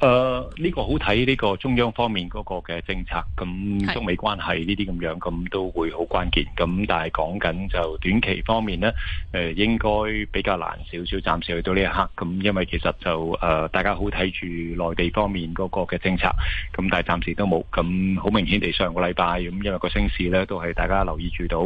誒，呢、呃，這個好睇呢個中央方面嗰個嘅政策，咁中美關係呢啲咁樣，咁都會好關鍵。咁但係講緊就短期方面呢，誒、呃，應該比較難少少。暫時去到呢一刻，咁因為其實就誒、呃，大家好睇住內地方面嗰個嘅政策，咁但係暫時都冇。咁好明顯地上個禮拜，咁因為個升市呢，都係大家留意住到，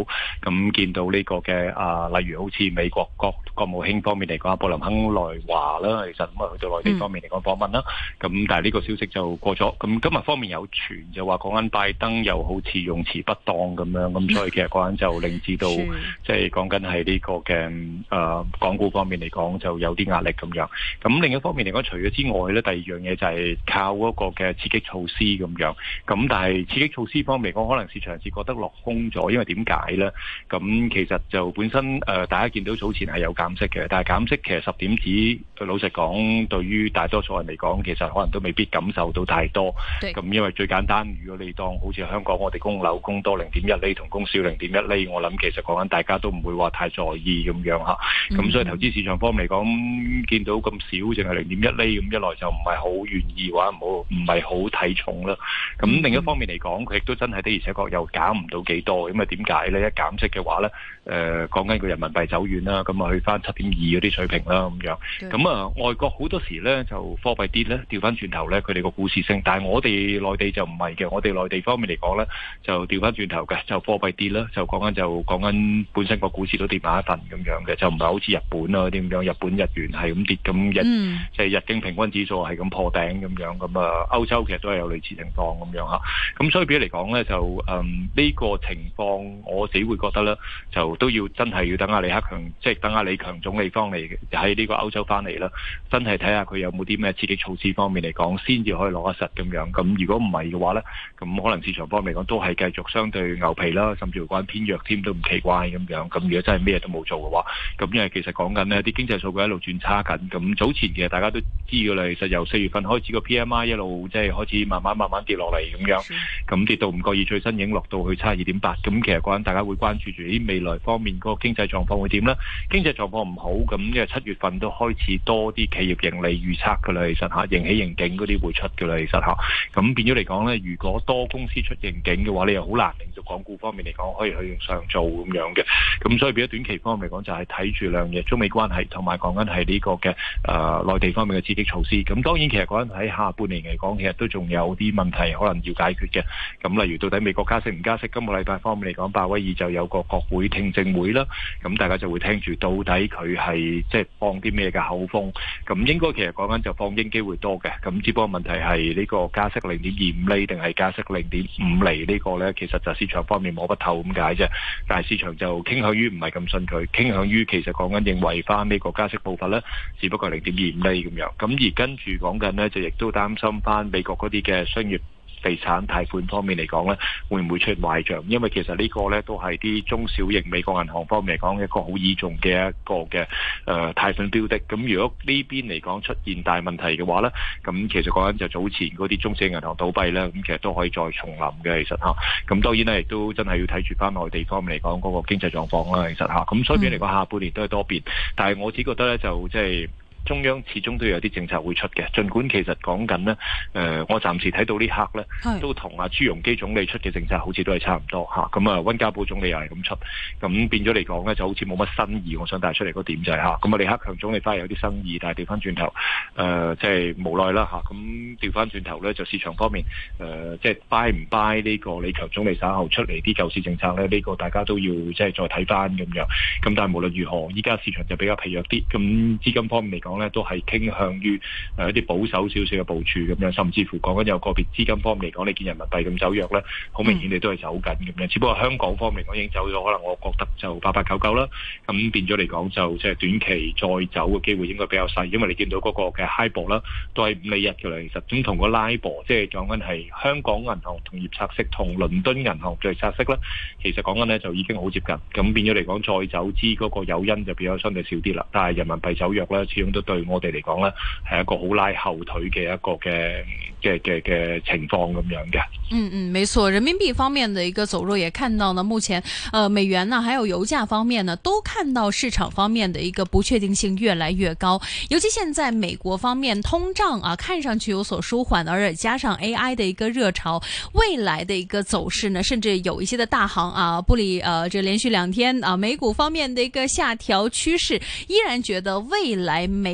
咁見到呢個嘅啊、呃，例如好似美國國國務卿方面嚟講，布林肯來華啦，其實咁啊去到內地方面嚟講、嗯、訪問啦。咁但係呢個消息就過咗，咁今日方面有傳就話講緊拜登又好似用詞不當咁樣，咁所以其實的講緊就令至到即係講緊係呢個嘅誒港股方面嚟講就有啲壓力咁樣。咁另一方面嚟講，除咗之外咧，第二樣嘢就係靠嗰個嘅刺激措施咁樣。咁但係刺激措施方面，我可能市場係覺得落空咗，因為點解咧？咁其實就本身誒、呃、大家見到早前係有減息嘅，但係減息其實十點子，老實講對於大多數人嚟講，其實可能都未必感受到太多，咁對因為最簡單，如果你當好似香港，我哋供樓供多零點一厘，同供少零點一厘，我諗其實講緊大家都唔會話太在意咁樣嚇，咁、嗯、所以投資市場方面嚟講，見到咁少，淨係零點一厘，咁一來就唔係好願意話唔好，唔係好睇重啦。咁另一方面嚟講，佢亦都真係的，的而且確又減唔到幾多，咁啊點解呢？一減息嘅話、呃對啊、呢，誒講緊個人民幣走遠啦，咁啊去返七點二嗰啲水平啦咁樣，咁啊外國好多時呢就貨幣跌咧翻轉頭咧，佢哋個股市升，但係我哋內地就唔係嘅。我哋內地方面嚟講咧，就調翻轉頭嘅，就貨幣跌啦，就講緊就講緊本身個股市都跌埋一份咁樣嘅，就唔係好似日本啊啲咁樣，日本日元係咁跌，咁日就係日經平均指數係咁破頂咁樣咁啊。歐洲其實都係有類似情況咁樣嚇，咁所以比如嚟講咧就嗯呢個情況，我自己會覺得咧就都要真係要等阿李克強，即係等阿李強總理方嚟喺呢個歐洲翻嚟啦，真係睇下佢有冇啲咩刺激措施方面面嚟講，先至可以攞得實咁樣。咁如果唔係嘅話呢，咁可能市場方面嚟講都係繼續相對牛皮啦，甚至乎關偏弱添都唔奇怪咁樣。咁如果真係咩都冇做嘅話，咁因為其實講緊呢啲經濟數據一路轉差緊。咁早前其實大家都知嘅啦，其實由四月份開始個 PMI 一路即係開始慢慢慢慢跌落嚟咁樣，咁的跌到唔覺意最新已經落到去差二點八。咁其實關大家會關注住，咦未來方面嗰個經濟狀況會點呢？經濟狀況唔好，咁因為七月份都開始多啲企業盈利預測嘅啦。其實盈警嗰啲會出嘅啦，其實吓，咁變咗嚟講咧，如果多公司出盈警嘅話，你又好難令到港股方面嚟講可以去上做咁樣嘅，咁所以變咗短期方面嚟講，就係睇住兩日中美關係同埋講緊係呢個嘅誒內地方面嘅刺激措施。咁當然其實講緊喺下半年嚟講，其實都仲有啲問題可能要解決嘅。咁例如到底美國加息唔加息？今個禮拜方面嚟講，鮑威爾就有個國會聽證會啦，咁大家就會聽住到底佢係即係放啲咩嘅口風。咁應該其實講緊就放鷹機會多。咁只不過問題係呢個加息零點二五厘定係加息零點五厘呢個呢，其實就市場方面摸不透咁解啫。但係市場就傾向於唔係咁信佢，傾向於其實講緊認為翻美國加息步伐呢，只不過零點二五厘咁樣。咁而跟住講緊呢，就亦都擔心翻美國嗰啲嘅商業地產貸款方面嚟講咧，會唔會出現壞賬？因為其實個呢個咧都係啲中小型美國銀行方面嚟講一個好倚重嘅一個嘅誒、呃、貸款標的。咁如果呢邊嚟講出現大問題嘅話咧，咁其實講緊就早前嗰啲中小型銀行倒閉咧，咁其實都可以再重臨嘅。其實嚇，咁當然咧亦都真係要睇住翻內地方面嚟講嗰個經濟狀況啦。其實嚇，咁所以嚟講下半年都係多變，但係我只覺得咧就即、就、係、是，中央始終都有啲政策會出嘅，儘管其實講緊呢，誒、呃，我暫時睇到呢刻呢，是都同阿朱鎔基總理出嘅政策好似都係差唔多，咁啊，溫、嗯、家寶總理又係咁出，咁、啊、變咗嚟講呢，就好似冇乜新意。我想帶出嚟個點就係、是、咁啊，李克強總理反而有啲新意，但係調翻轉頭即係無奈啦。咁調翻轉頭呢，就市場方面誒，即、呃、係、就是、buy 唔 buy 呢個李強總理稍後出嚟啲救市政策呢？呢、這個大家都要即係、就是、再睇翻咁樣。咁、啊、但係無論如何，依家市場就比較疲弱啲，咁資金方面嚟講。都係傾向於誒一啲保守少少嘅部署咁樣，甚至乎講緊有個別資金方面嚟講，你見人民幣咁走弱咧，好明顯你都係走緊咁樣。嗯、只不過香港方面嚟講，已經走咗，可能我覺得就八八九九啦。咁變咗嚟講，就即係短期再走嘅機會應該比較細，因為你見到嗰個嘅 HIBOR 啦，都係五厘一嘅嚟。其實總同個 LIBOR，即係講緊係香港銀行同業拆息同倫敦銀行嘅拆息啦。其實講緊咧就已經好接近。咁變咗嚟講，再走資嗰個誘因就變相相對少啲啦。但係人民幣走弱咧，始終都。對我哋嚟講呢係一個好拉後腿嘅一個嘅嘅嘅嘅情況咁樣嘅。嗯嗯，沒錯，人民幣方面的一個走弱，也看到呢。目前，呃，美元呢，還有油價方面呢，都看到市場方面的一個不確定性越來越高。尤其現在美國方面通脹啊，看上去有所舒緩，而且加上 AI 的一個熱潮，未來的一個走勢呢，甚至有一些的大行啊，不理，呃，這連續兩天啊，美股方面的一個下調趨勢，依然覺得未來美。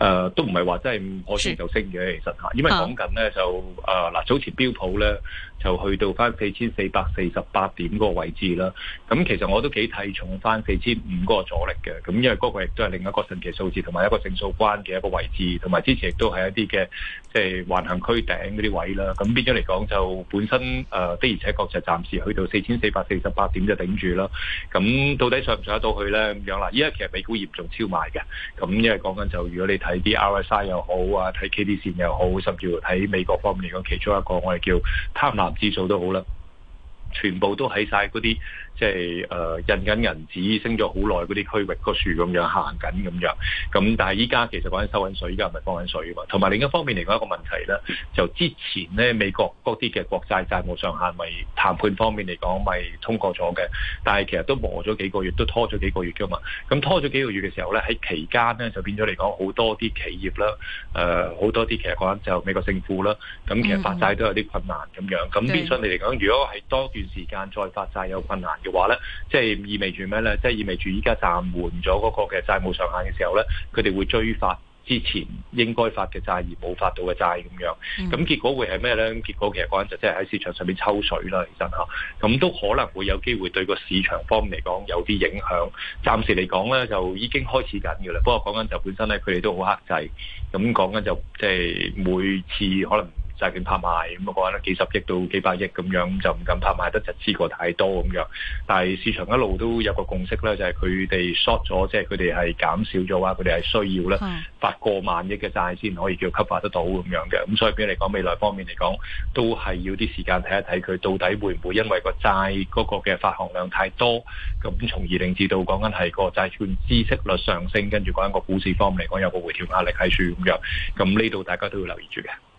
誒、呃、都唔係話真係可升就升嘅，其實吓因為講緊咧就誒嗱、呃、早前標普咧就去到翻四千四百四十八點個位置啦。咁其實我都幾睇重翻四千五嗰個阻力嘅，咁因為嗰個亦都係另一個神奇數字同埋一個整數關嘅一個位置，同埋之前亦都係一啲嘅即係橫行區頂嗰啲位啦。咁變咗嚟講，就本身誒、呃、的而且確就暫時去到四千四百四十八點就頂住啦。咁到底上唔上得到去咧？咁樣啦，依家其實美股嚴重超賣嘅，咁因為講緊就如果你睇。睇啲 RSI 又好啊，睇 KD 線又好，甚至乎喺美國方面嚟講，其中一個我哋叫貪婪指數都好啦，全部都喺晒嗰啲。即係誒印緊銀紙升咗好耐嗰啲區域個樹咁樣行緊咁樣，咁但係依家其實講緊收緊水，依家唔係放緊水啊嘛。同埋另一方面嚟講一個問題咧，就之前咧美國嗰啲嘅國債債務上限咪談判方面嚟講咪通過咗嘅，但係其實都磨咗幾個月，都拖咗幾個月㗎嘛。咁拖咗幾個月嘅時候咧，喺期間咧就變咗嚟講好多啲企業啦，誒、呃、好多啲其實講緊就美國政府啦，咁其實發債都有啲困難咁樣。咁變相嚟講，如果係多段時間再發債有困難話咧，即係意味住咩咧？即係意味住依家暫緩咗嗰個嘅債務上限嘅時候咧，佢哋會追發之前應該發嘅債而冇發到嘅債咁樣，咁結果會係咩咧？結果其實講緊就即係喺市場上面抽水啦，其實吓，咁都可能會有機會對個市場方面嚟講有啲影響。暫時嚟講咧，就已經開始緊噶啦。不過講緊就本身咧，佢哋都好克制。咁講緊就即係每次可能。債券拍賣咁嘅話咧，那個、幾十億到幾百億咁樣，就唔敢拍賣得就知過太多咁樣。但係市場一路都有個共識咧，就係、是、佢哋 short 咗，即係佢哋係減少咗話，佢哋係需要咧發過萬億嘅債先可以叫吸發得到咁樣嘅。咁所以，比如嚟講，未來方面嚟講，都係要啲時間睇一睇佢到底會唔會因為個債嗰個嘅發行量太多，咁從而令至到講緊係個債券孳息率上升，跟住講緊個股市方面嚟講有個回調壓力喺處咁樣。咁呢度大家都要留意住嘅。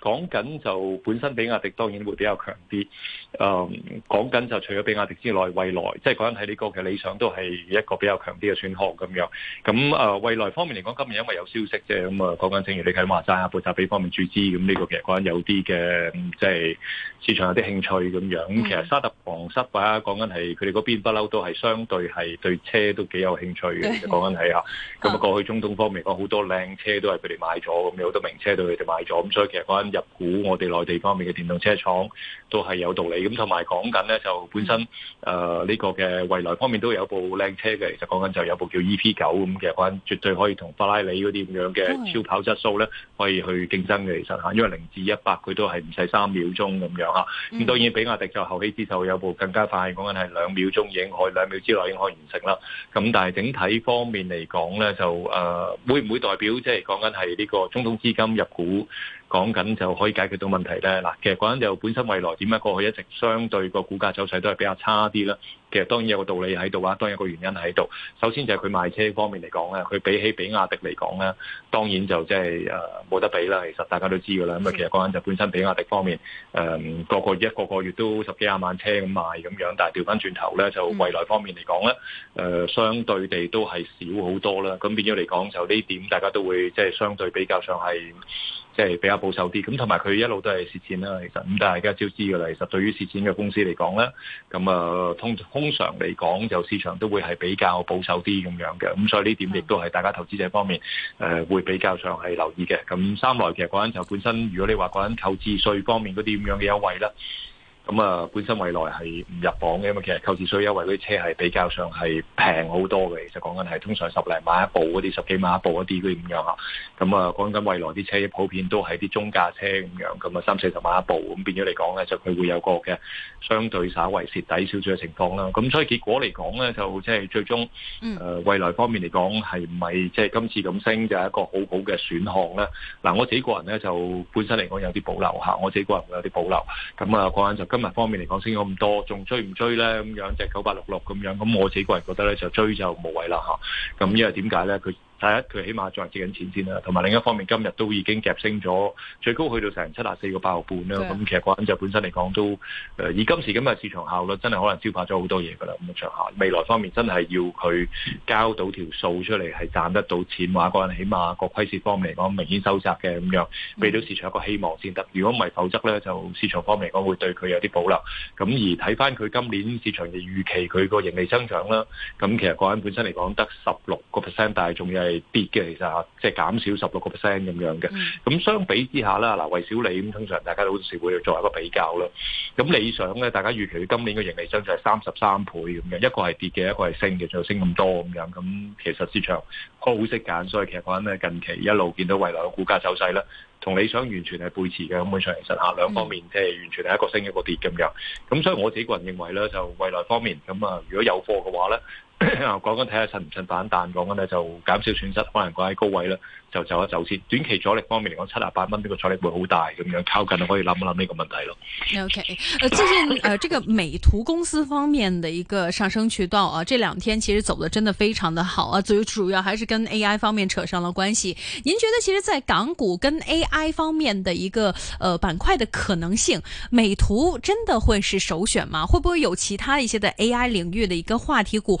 講緊就本身比亞迪當然會比較強啲。誒講緊就除咗比亞迪之外，未來，即係講緊係呢個嘅理想都係一個比較強啲嘅選項咁樣。咁、啊、未蔚來方面嚟講，今日因為有消息啫，咁啊講緊正如你睇咁話下博達比方面注資，咁呢個其實講緊有啲嘅，即、就、係、是、市場有啲興趣咁樣。咁、嗯、其實、嗯、沙特皇室啊，講緊係佢哋嗰邊不嬲都係相對係對車都幾有興趣嘅。講緊係啊，咁、嗯、啊過去中東方面講好多靚車都係佢哋買咗，咁有好多名車都佢哋買咗，咁所以其實講緊入股我哋內地方面嘅電動車廠都係有道理。咁同埋講緊咧，就本身呢、呃呢個嘅未來方面都有部靚車嘅，其實講緊就有部叫 E.P. 九咁嘅，講緊絕對可以同法拉利嗰啲咁樣嘅超跑質素咧，可以去競爭嘅。其實嚇，因為零至一百佢都係唔使三秒鐘咁樣嚇。咁、嗯、當然，比亞迪就後期之後有部更加快，講緊係兩秒鐘已經可以兩秒之內已經可以完成啦。咁但係整體方面嚟講咧，就、呃、會唔會代表即係講緊係呢個中東資金入股？講緊就可以解決到問題咧。嗱，其實嗰陣就本身未來點解，過去一直相對個股價走勢都係比較差啲啦。其實當然有個道理喺度啊，當然有個原因喺度。首先就係佢賣車方面嚟講咧，佢比起比亞迪嚟講咧，當然就即係誒冇得比啦。其實大家都知噶啦。咁啊的，其實講緊就本身比亞迪方面誒、嗯、個個月一個個月都十幾廿萬車咁賣咁樣，但係調翻轉頭咧，就未來方面嚟講咧，誒、呃、相對地都係少好多啦。咁變咗嚟講就呢點，大家都會即係相對比較上係即係比較保守啲。咁同埋佢一路都係蝕錢啦，其實咁但係而家招資噶啦。其實對於蝕錢嘅公司嚟講咧，咁啊、呃、通。通常嚟講，就市場都會係比較保守啲咁樣嘅，咁所以呢點亦都係大家投資者方面誒會比較上係留意嘅。咁三來其實講緊就本身，如果你話講緊購置稅方面嗰啲咁樣嘅優惠啦。咁啊，本身未來係唔入榜嘅，因為其實購置稅優惠啲車係比較上係平好多嘅。其實講緊係通常十零萬一部嗰啲，十幾萬一部嗰啲咁樣嚇。咁啊，講緊未來啲車普遍都係啲中價車咁樣，咁啊三四十萬一部，咁變咗嚟講咧，就佢會有個嘅相對稍為蝕底少少嘅情況啦。咁所以結果嚟講咧，就即係最終誒未來方面嚟講，係唔係即係今次咁升就係一個好好嘅選項咧？嗱，我自己個人咧就本身嚟講有啲保留嚇，我自己個人會有啲保留。咁啊，講緊就今。方面嚟講，升咗咁多，仲追唔追咧？咁樣即係九八六六咁樣。咁我自己個人覺得咧，就追就無謂啦吓，咁因為點解咧？佢第一，佢起碼再借緊錢先啦，同埋另一方面，今日都已經夾升咗，最高去到成七十四個八毫半啦。咁的其實嗰人就本身嚟講都，誒而今時今日市場效率真係可能消化咗好多嘢㗎啦。咁上下未來方面真係要佢交到條數出嚟，係賺得到錢話，嗰人起碼個虧蝕方面嚟講明顯收窄嘅咁樣，俾到市場一個希望先得。如果唔係，否則咧就市場方面嚟講會對佢有啲保留。咁而睇翻佢今年市場嘅預期，佢個盈利增長啦，咁其實嗰人本身嚟講得十六個 percent，但係仲係。係跌嘅，其實吓，即係減少十六個 percent 咁樣嘅。咁、嗯、相比之下啦，嗱，蔚小理咁，通常大家都好多時會做一個比較啦。咁理想咧，大家預期今年嘅盈利增長係三十三倍咁樣，一個係跌嘅，一個係升嘅，仲升咁多咁樣。咁其實市場好識揀，所以其實講咧，近期一路見到蔚來嘅股價走勢啦，同理想完全係背馳嘅。咁所以其實吓兩方面即係、嗯、完全係一個升一個跌咁樣。咁所以我自己個人認為咧，就蔚來方面咁啊，如果有貨嘅話咧。講緊睇下趁唔趁反彈，講緊呢就減少損失，可能掛喺高位咧就走一走先。短期阻力方面嚟講，七十八蚊呢個阻力會好大咁樣，靠近可以諗一諗呢個問題咯。OK，呃，最近呃，這個美圖公司方面的一個上升渠道啊，這兩天其實走的真的非常的好啊，最主要還是跟 AI 方面扯上了關係。您覺得其實，在港股跟 AI 方面的一個呃板塊的可能性，美圖真的會是首選嗎？會不會有其他一些的 AI 領域的一個話題股？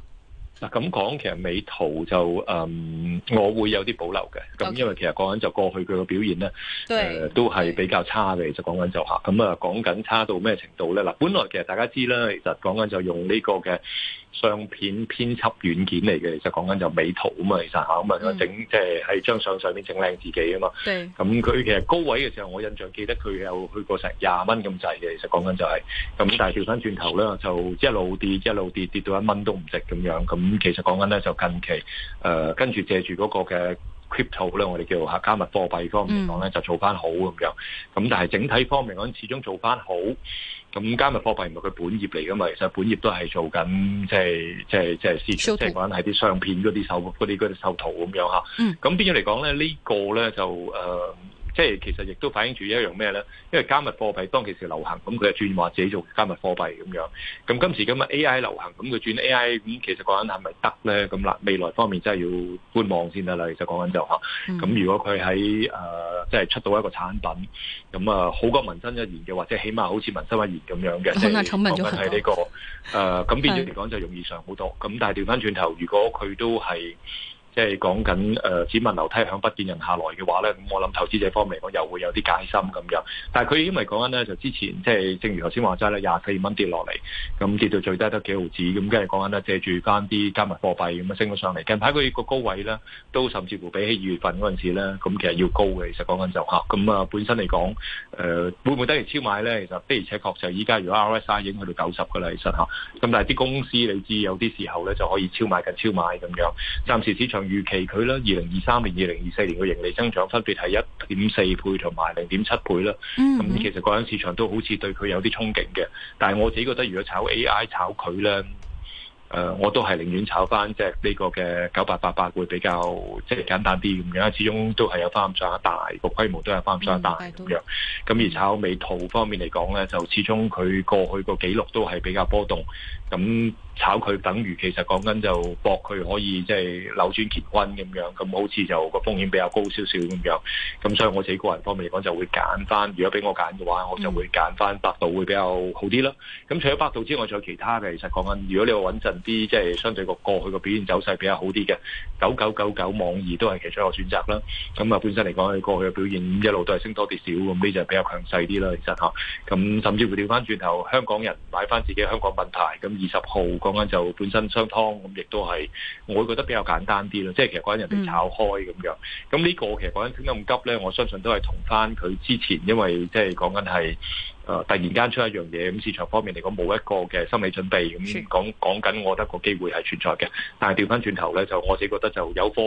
嗱咁講，其實美圖就誒、嗯，我會有啲保留嘅。咁 Okay. 因為其實講緊就過去佢嘅表現咧對、呃，都係比較差嘅。其實講緊就吓，咁啊講緊差到咩程度咧？嗱，本來其實大家知啦，其實講緊就用呢個嘅相片編輯軟件嚟嘅。其實講緊就美圖啊嘛，其實咁啊整即係喺張相上面整靚自己啊嘛。咁佢對其實高位嘅時候，我印象記得佢有去過成廿蚊咁滯嘅。其實講緊就係、是、咁，但係掉翻轉頭呢，就一路跌，一路跌，跌到一蚊都唔值咁樣咁。嗯。咁、嗯、其實講緊咧，就近期誒跟住借住嗰個嘅 crypto 咧，我哋叫做嚇加密貨幣方面講咧，就做翻好咁樣。咁、嗯、但係整體方面講始終做翻好。咁、嗯、加密貨幣唔係佢本業嚟噶嘛，其實本業都係做緊即係即係即係即係講緊係啲相片嗰啲手嗰啲嗰啲手圖咁樣。咁變咗嚟講咧，這個、呢個咧就誒。呃即係其實亦都反映住一樣咩咧？因為加密貨幣當其時流行，咁佢轉話自己做加密貨幣咁樣。咁今時咁啊 AI 流行，咁佢轉 AI 咁其實講緊係咪得咧？咁啦，未來方面真係要觀望得先啦。其實就講緊就嚇，咁如果佢喺誒即係出到一個產品，咁啊好過民生一言嘅，或者起碼好似民生一言咁樣嘅，即係呢個誒。咁變咗嚟講就容易上好多。咁的但係調翻轉頭，如果佢都係。即係講緊誒，只聞樓梯響，不見人下來嘅話咧，咁我諗投資者方面，我又會有啲戒心咁樣。但係佢因為講緊咧，就之前即係、就是、正如頭先話齋咧，廿四蚊跌落嚟，咁、嗯、跌到最低得幾毫子，咁跟住講緊咧，借住翻啲加密貨幣咁樣升咗上嚟。近排佢個高位咧，都甚至乎比起二月份嗰陣時咧，咁、嗯、其實要高嘅。其實講緊就嚇咁啊，本身嚟講誒，會唔會等於超買咧？其實的而且確就依家如果 RSI 已經去到九十噶啦，其實嚇。咁、啊、但係啲公司你知有啲時候咧就可以超買近超買咁樣。暫時市場，預期佢啦，二零二三年、二零二四年嘅盈利增長分別係一點四倍同埋零點七倍啦。咁其實個人市場都好似對佢有啲憧憬嘅，但係我自己覺得如果炒 AI 炒佢咧，誒、呃，我都係寧願炒翻即係呢個嘅九八八八會比較即係簡單啲咁、mm hmm. 樣。始終都係有翻咁上一大個規模，都有翻咁上一大咁樣。咁而炒美圖方面嚟講咧，就始終佢過去個記錄都係比較波動。咁炒佢，等於其實講緊就博佢可以即係扭轉乾坤咁樣，咁好似就個風險比較高少少咁樣。咁所以我自己個人方面嚟講，就會揀翻。如果俾我揀嘅話，我就會揀翻百度會比較好啲啦。咁除咗百度之外，仲有其他嘅。其實講緊，如果你話穩陣啲，即係相對個過去嘅表現走勢比較好啲嘅，九九九九網易都係其中一個選擇啦。咁啊，本身嚟講，佢過去嘅表現一路都係升多跌少，咁呢就比較強勢啲啦。其實嚇，咁甚至乎調翻轉頭，香港人買翻自己香港品牌咁。二十號講緊就本身雙湯咁，亦都係我會覺得比較簡單啲咯。即係其實講緊人哋炒開咁、嗯、樣，咁、這、呢個其實講緊點解咁急咧，我相信都係同翻佢之前，因為即係講緊係誒突然間出一樣嘢，咁市場方面嚟講冇一個嘅心理準備，咁講講緊，我覺得個機會係存在嘅。但係調翻轉頭咧，就我自己覺得就有科。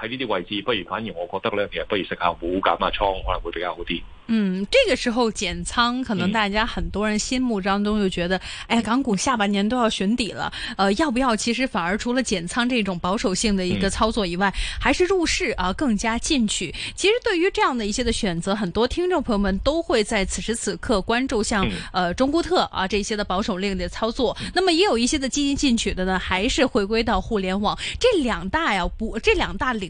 喺呢啲位置，不如反而我覺得咧，其實不如食下股減下倉可能會比較好啲。嗯，這個時候減倉，可能大家很多人心目中就覺得，嗯、哎，港股下半年都要尋底了。呃，要不要？其實反而除了減倉這種保守性的一個操作以外，嗯、還是入市啊更加進取。其實對於這樣的一些的選擇，很多聽眾朋友們都會在此時此刻關注像，像、嗯、呃中國特啊這些的保守性的操作，嗯、那麼也有一些的基金進取的呢，還是回歸到互聯網，這兩大呀，不，這兩大領。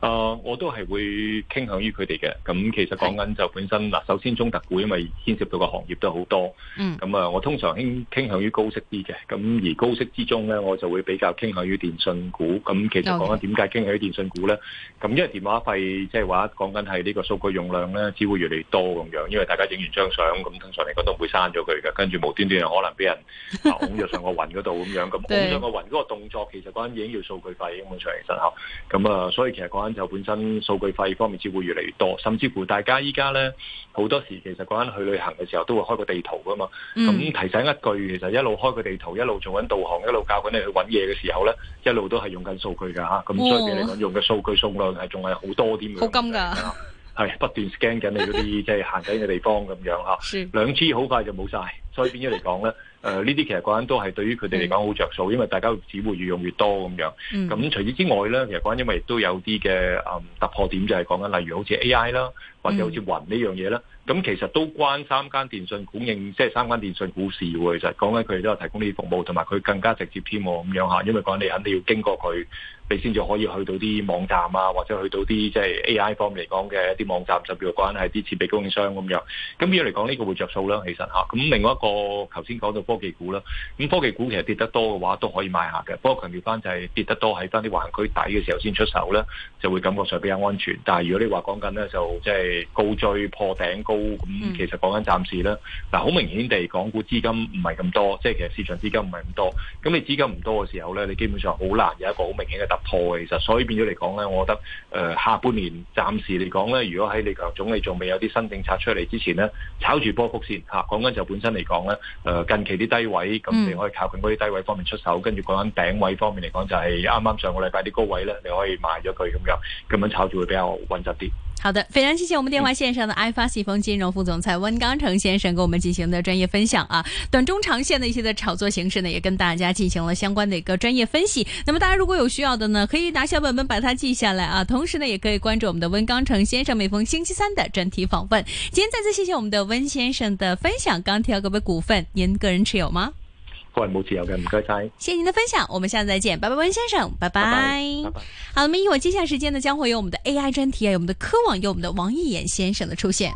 啊，uh, 我都係會傾向於佢哋嘅。咁其實講緊就本身嗱，是首先中特股，因為牽涉到個行業都好多。咁啊、嗯嗯，我通常傾，傾向於高息啲嘅。咁而高息之中咧，我就會比較傾向於電訊股。咁其實講緊點解傾向於電訊股咧？咁 Okay. 因為電話費即係話講緊係呢個數據用量咧，只會越嚟越多咁樣。因為大家影完張相，咁通常嚟講都唔會刪咗佢嘅。跟住無端端可能俾人 upload 上個雲嗰度咁樣。咁 上個雲嗰對個動作，其實講緊已經要數據費咁嘅長期實效。咁、嗯、啊，所以其實講就本身數據費方面，只會越嚟越多，甚至乎大家依家咧好多時，其實講緊去旅行嘅時候，都會開個地圖噶嘛。咁、嗯、提醒一句，其實一路開個地圖，一路做緊導航，一路教緊你去揾嘢嘅時候咧，一路都係用緊數據噶嚇。咁所以變嚟講，用嘅數據數量係仲係好多啲、啊、嘅。好金㗎，係吧 不斷 scan 緊你嗰啲即係行緊嘅地方咁樣嚇。兩是 G 好快就冇晒，所以變咗嚟講咧？ 誒呢啲其實講緊都係對於佢哋嚟講好着數，嗯、因為大家只會越用越多咁樣。咁、嗯、除此之外咧，其實講緊因為亦都有啲嘅、嗯、突破點，就係講緊例如好似 AI 啦，或者好似雲呢樣嘢啦。咁、嗯、其實都關三間電訊股應，即係三間電訊股市喎。其實講緊佢哋都有提供呢啲服務，同埋佢更加直接添喎咁樣下，因為講你肯定要經過佢。你先至可以去到啲網站啊，或者去到啲即係 AI 方面嚟講嘅一啲網站，甚至係關係啲設備供應商咁樣。咁依樣嚟講，呢、呢個會着數啦，其實吓，咁另外一個頭先講到科技股啦，咁科技股其實跌得多嘅話，都可以買下嘅。不過強調翻就係跌得多喺翻啲橫區底嘅時候先出手咧，就會感覺上比較安全。但係如果你話講緊咧，就即係高追破頂高咁，其實講緊暫時啦。嗱，好明顯地港股資金唔係咁多，即係其實市場資金唔係咁多。咁你資金唔多嘅時候咧，你基本上好難有一個好明顯嘅破其實，所以變咗嚟講呢，我覺得誒下半年暫時嚟講呢，如果喺李強總理仲未有啲新政策出嚟之前呢，炒住波幅先嚇。講緊就本身嚟講呢，誒近期啲低位，咁你可以靠近嗰啲低位方面出手，跟住講緊頂位方面嚟講，就係啱啱上個禮拜啲高位呢，你可以賣咗佢咁樣，咁樣炒住會比較穩陣啲。好的，非常謝謝我們電話線上的 IFC 風金融副總裁溫鋼城先生，跟我們進行的專業分享啊，短、中、長線的一些的炒作形式呢，也跟大家進行了相關嘅一個專業分析。那麼大家如果有需要的，那可以拿小本本把它記下來啊，同時呢，也可以關注我們的溫鋼城先生每逢星期三的專題訪問。今天再次謝謝我們的溫先生的分享。剛提到各位股份，您個人持有嗎？個人冇持有嘅，唔該晒。謝謝您的分享，我們下次再見，拜拜，溫先生，拜拜。好，那麼一會兒接下時間呢，將會有我們的 AI 專題啊，有我們的科網，有我們的王一衍先生的出現。